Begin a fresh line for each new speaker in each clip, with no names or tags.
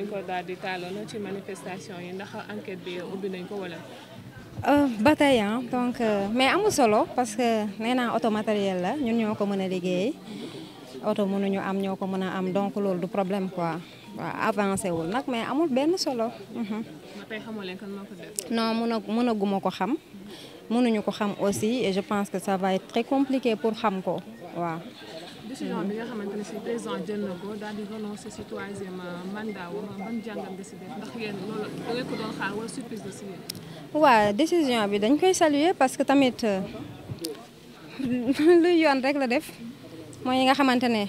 dañ ko daal di taaloon ci yi ndax enquête bi ubbi nañ ko wala. Euh, ba tey donc euh, mais amul solo parce que nee naa oto matériel la ñun ñoo ko mën a liggéey oto mënuñu am ñoo ko mën a am donc loolu du problème koi waaw avancé wul nag mais amul benn solo. Mhm. ba tey xamoo leen kan moo ko def. non mën a ko xam. mënuñu ko xam aussi et je pense que sa va être très compliqué pour xam ko waaw. décision bi nga xamante ne si président ko daal di renoncer si troisième mandat wam ban jàngat nga décision bi dañ koy saluer parce que tamit euh, luy yoon rek la def mooy yi nga xamante ne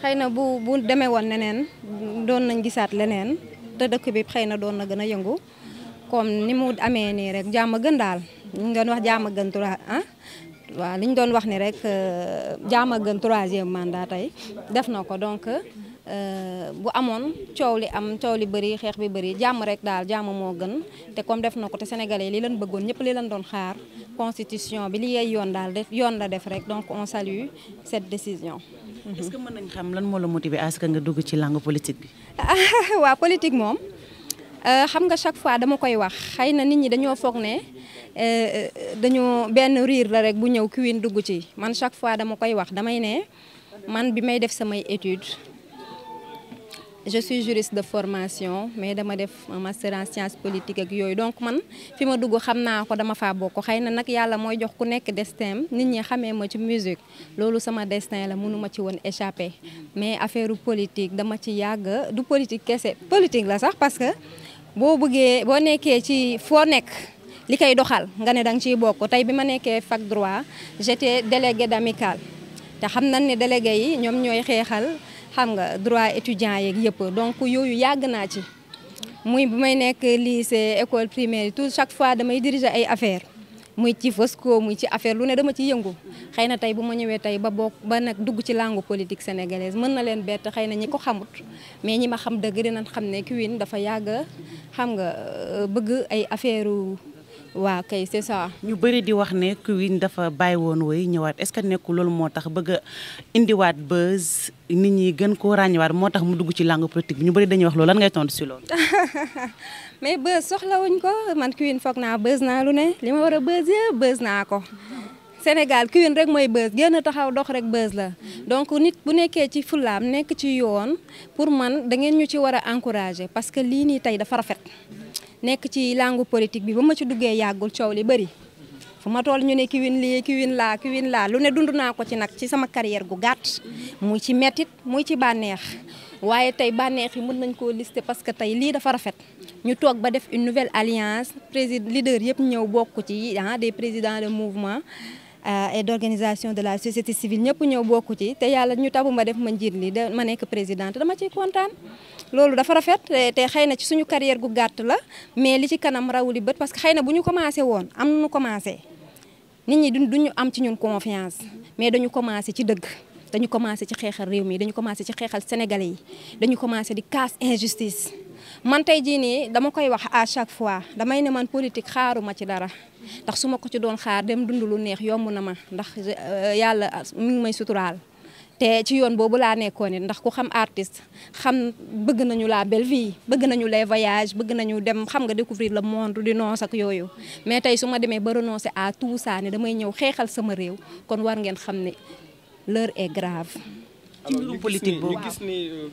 xëy na bu bu demee woon neneen doon nañ gisaat leneen te dëkk bi xëy na doon na gën a yëngu comme ni mu amee nii rek jàmm gën daal ñu ngi doon wax jàmm gën ah. waaw li ñu doon wax ni rek euh, jaam a gën troisième mandat tey def na ko donc euh, bu amoon coow li am coow li bëri xeex bi bëri jàmm rek daal jàmm moo gën te comme def na ko te sénégalais yi li leen bëggoon ñëpp li leen doon xaar constitution bi li yey yoon daal def yoon la def rek donc on salue cette décision. est-ce mën nañ xam lan moo la motiver à ce nga dugg ci langue politique bi. waaw politique moom. Euh, xam nga chaque fois dama koy wax xëy na nit ñi dañoo foog ne euh, euh, dañoo benn riir la rek bu ñëw kiwin dugg ci man chaque fois dama koy wax damay ne man bi may def samay étude je suis juriste de formation mais dama def master en sciences politiques ak yooyu donc man fi ma dugg xam naa ko dama faa bokk xëy na nag yàlla mooy jox ku nekk destin nit ñi xamee ma ci musique loolu sama destin la mënuma ci won échapper mais affaire politique dama ci yàgg du politique kese politique la sax boo bëggee boo nekkee ci foo nekk li koy doxal nga ne da ci ciy bokk tey bi ma nekkee fac droit j'étais délégué d'amicale te xam nañ ne délégué yi ñoom ñooy xeexal xam nga droit étudiant yeeg yëpp donc yooyu yàgg naa ci muy bu may nekk lycée école primaire tout chaque fois damay diriger ay affaires muy ci Fosco muy ci affaire lu ne dama ci yëngu xëy na tey bu ma ñëwee ba bokk ba nag dugg ci langue politique sénégalaise mën na leen bett xëy na ñi ko xamut mais ñi ma xam dëgg dinañ xam ne Queen dafa yàgg xam nga euh, bëgg ay affaire waaw kay c'est ça. ñu bëri di wax ne Queen dafa bàyyi woon woy ñëwaat est-ce que nekkul loolu moo tax bëgg indiwaat buzz nit ñi gën koo ràññewaat moo tax mu dugg ci langue politique bi ñu bëri dañuy wax loolu lan ngay tontu si loolu. mais buzz soxlawuñ ko man Queen foog naa buzz naa lu ne li ma war a buzz yëpp buzz naa ko. Sénégal Queen rek mooy buzz génn taxaw dox rek buzz la donc nit bu nekkee ci fulaam nekk ci yoon pour man da ngeen ñu ci war a encourager parce que lii nii tey dafa rafet. nekk ci langue politique bi ba ma ci duggee yàggul coow li bëri fu ma toll ñu ne kiwin lii kiwin laa kiwin laa lu ne dund naa ko ci nag ci sama carrière gu gàtt muy ci mettit muy ci bànneex waaye tey bànneex yi mën nañ koo lister parce que tey lii dafa rafet ñu toog ba def une nouvelle alliance président leader yëpp ñëw bokk ci ah des présidents de mouvement euh, et d'organisation de la société civile ñëpp ñëw bokk ci te yàlla ñu tabu ma def ma njiit li ma nekk présidente dama ciy kontaan loolu dafa rafet te xëy na ci suñu carrière gu gàtt la mais li ci kanam rawuli bët parce que xëy na bu ñu commencé woon am nu commencé nit ñi duñ duñu am ci ñun confiance mais dañu commencé ci dëgg dañu commencé ci xeexal réew mi dañu commencé ci xeexal sénégale yi dañu commencé di casse injustice man tey jii nii dama koy wax à chaque fois damay ne man politique xaaruma ci dara ndax su ma ko ci doon xaar dem dund lu neex yomb na ma ndax euh, yàlla mi ngi te ci yoon boobu laa nekkoon it ndax ku xam artiste xam bëgg nañu la belle vie bëgg nañu les voyages bëgg nañu dem xam nga découvrir le monde di noos ak yooyu mais tey su ma demee ba renoncer à tout ça ne damay ñëw xeexal sama réew kon war ngeen xam ne leur est grave. ci mbirum politique euh,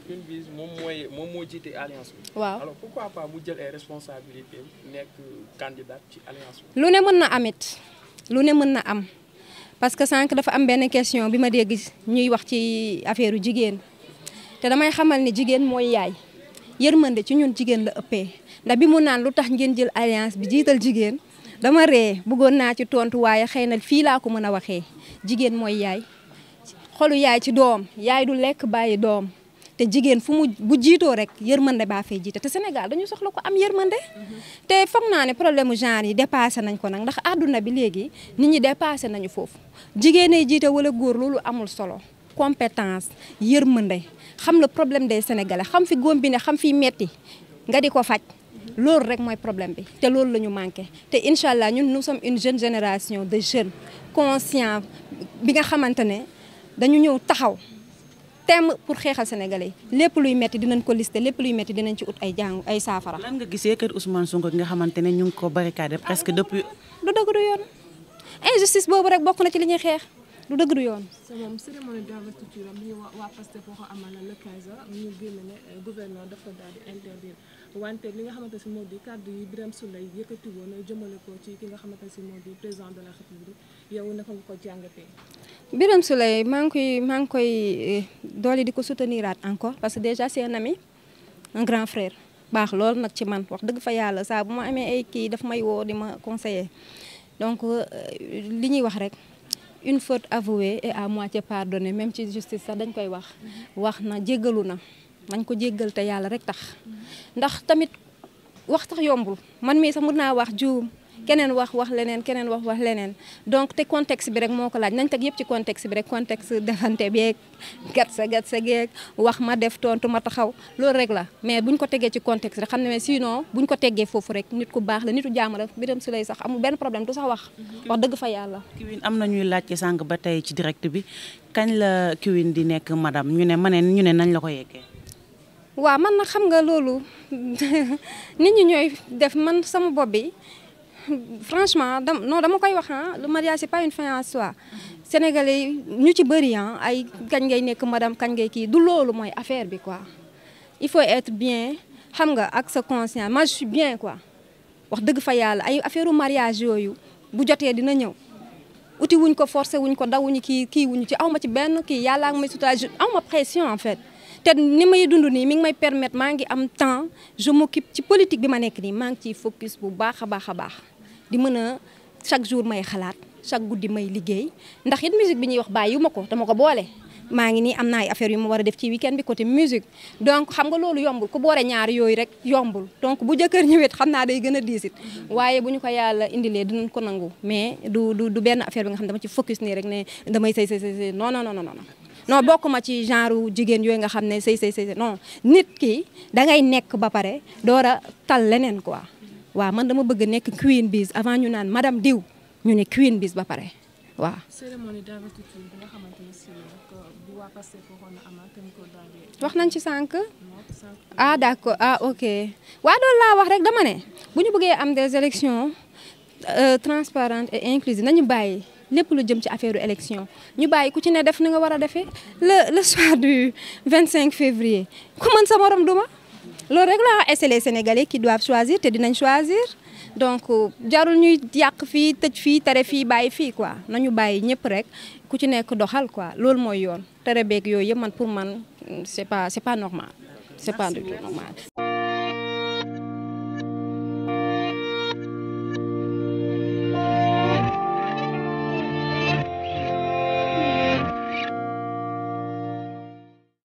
moom mooy moo jiite alliance bi. waaw alors pourquoi pas mu jël ay responsabilités lu ne mën na amit lu ne mën na am. parce que sànq dafa am benn question bi ma dégg ñuy wax ci affaire jigéen te damay xamal ne jigéen mooy yaay yërmande ci ñun jigéen la ëppee nda bi mu naan lu tax ngeen jël alliance bi jiital jigéen dama ree bëggoon naa ci tontu waaye xëy na fii laa ko mën a waxee jigéen mooy yaay xolu yaay ci doom yaay du lekk bàyyi doom te jigéen fu mu bu jiitoo rek yërmande baa fay jiite te Sénégal dañu soxla ko am yërmande. te foog naa ne problème genre yi dépassé nañ ko nag ndax àdduna bi léegi nit ñi dépassé nañu foofu jigéen ay jiite wala góor loolu amul solo compétence yërmande xam le problème des Sénégalais xam fi góom bi ne xam fi metti nga di ko faj. loolu rek mooy problème bi te loolu la ñu manqué te incha allah ñun nous sommes une jeune génération de jeunes conscients bi nga xamante ne dañu ñëw taxaw. temm pour xeexal sénégalais yi lépp luy metti dinañ ko listé lépp luy metti dinañ ci ut ay jàng ay saafara. lan nga gisee kër Ousmane Sonko nga xamante ne ñu ngi ko barricadé presque depuis. du dëgg boobu rek bokk na ci li xeex du dëgg yoon. moom cérémonie d'investiture am ñu waa Pastef foo ko amal le 15 ñu génn ne euh, gouverneur dafa daal interdire wante li nga xamante si moo di kàddu yi Birame Souleye yëkkati woon jëmale ko ci ki nga xamante si moo di président de la yow yow naka nga ko jàngatee. Birame Souleye maa ngi koy maa ngi koy eh, doole di ko souteniraat encore parce que déjà c'est un ami un grand frère baax loolu nag ci man wax dëgg fa yàlla saa bu ma amee ay kii daf may woo di ma conseiller donc euh, li ñuy wax rek une faute avouée et à moitié pardonnée même ci justice sax dañ koy wax wax na jéggalu na nañ ko jéggal te yàlla rek tax ndax tamit wax tax yombul man mii sax mën naa wax juum keneen wax wax leneen keneen wax wax leneen donc te contexte bi rek moo ko laaj nañ teg yëpp ci contexte bi rek contexte defante beeg gat sa gat sa geeg wax ma def tontu ma taxaw loolu rek la mais bu ñu ko tegee ci contexte rek xam ne mais bu buñ ko teggee foofu rek nit ku baax la nitu jaam la Birame Souleye sax amul benn problème du sax wax mm-hmm. dëgg fa yàlla am na ñuy laajte sànq ba tey ci direct bi kañ la kiwin di nekk madame ñu ne ma ne ñu ne nañ la ko yeggee waaw man na xam nga loolu nit ñi ñooy def man sama bopp bi franchement dam non dama koy wax ah le mariage c'est pas une fin en soi ñu ci bëri ah ay kañ ngay nekk madame kañ gay kii du loolu mooy affaire bi quoi il faut être bien xam nga ak sa conscience moi bien quoi wax dëgg fa yàlla ay affaire u mariage yooyu bu jotee dina ñëw uti wuñ ko forcé wuñ ko dawuñu kii kii wuñu ci aw ma ci benn kii yàllaa ngi may sutage aw ma pression en fait te ni may dund nii mi ngi may permettre maa ngi am temps je ci politique bi ma nekk nii maa ngi ciy focus bu baax a baax a baax di mën a chaque jour may xalaat chaque guddi may liggéey ndax it musique bi ñuy wax bàyyi ma ko dama ko boole. maa ngi nii am na ay affaire yu ma war a def ci weekend bi côté musique donc xam nga loolu yombul ku boore ñaar yooyu rek yombul donc bu jëkkër ñëwee xam naa day gën a diisit waaye bu ñu ko yàlla indilee dinañ ko nangu mais du du du benn affaire bi nga xam dama ci focus nii rek ne damay sëy sëy sëy non non non non bokkuma ci genre jigéen yooyu nga xam ne sëy sëy sëy nit ki dangay nekk ba pare door a tal leneen quoi. waaw man dama bëgg nekk queen bis avant ñu naan madame diw ñu ne queen bis ba pare waaw. cérémonie d'investiture bi waa wax nañ ci sànq. ah d' accord ah ok waa loolu laa wax rek dama ne bu ñu bëggee am des élections euh, transparentes et na ñu bàyyi. lépp lu jëm ci affaire élection ñu bàyyi ku ci ne def ni nga war a defee le le soir du 25 février ku mën sa morom duma loolu rek laa wax les sénégalais qui doivent choisir te dinañ choisir donc jarul ñuy yàq fii tëj fii tere fii bàyyi fii quoi nañu bàyyi ñëpp rek ku ci nekk doxal quoi loolu mooy yoon tere beeg yooyu yëpp man pour man c'est pas c'est pas normal c'est pas du tout normal